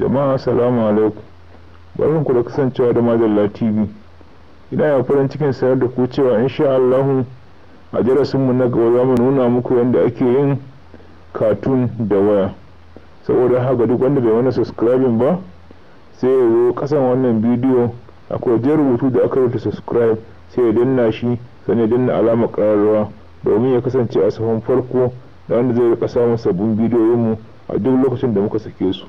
jama'a salamu alaikum barin ku da kasancewa da majalla tv ina ya farin cikin sayar da ku cewa insha allahu a darasinmu na gaba za mu nuna muku yadda ake yin katun da waya saboda haka duk wanda bai wani subscribing ba sai ya zo kasan wannan bidiyo akwai wajen rubutu da aka rubuta subscribe sai ya danna shi sai ya danna alamar ƙararrawa domin ya kasance a sahun farko da wanda zai rika samun sabbin bidiyoyinmu a duk lokacin da muka sake su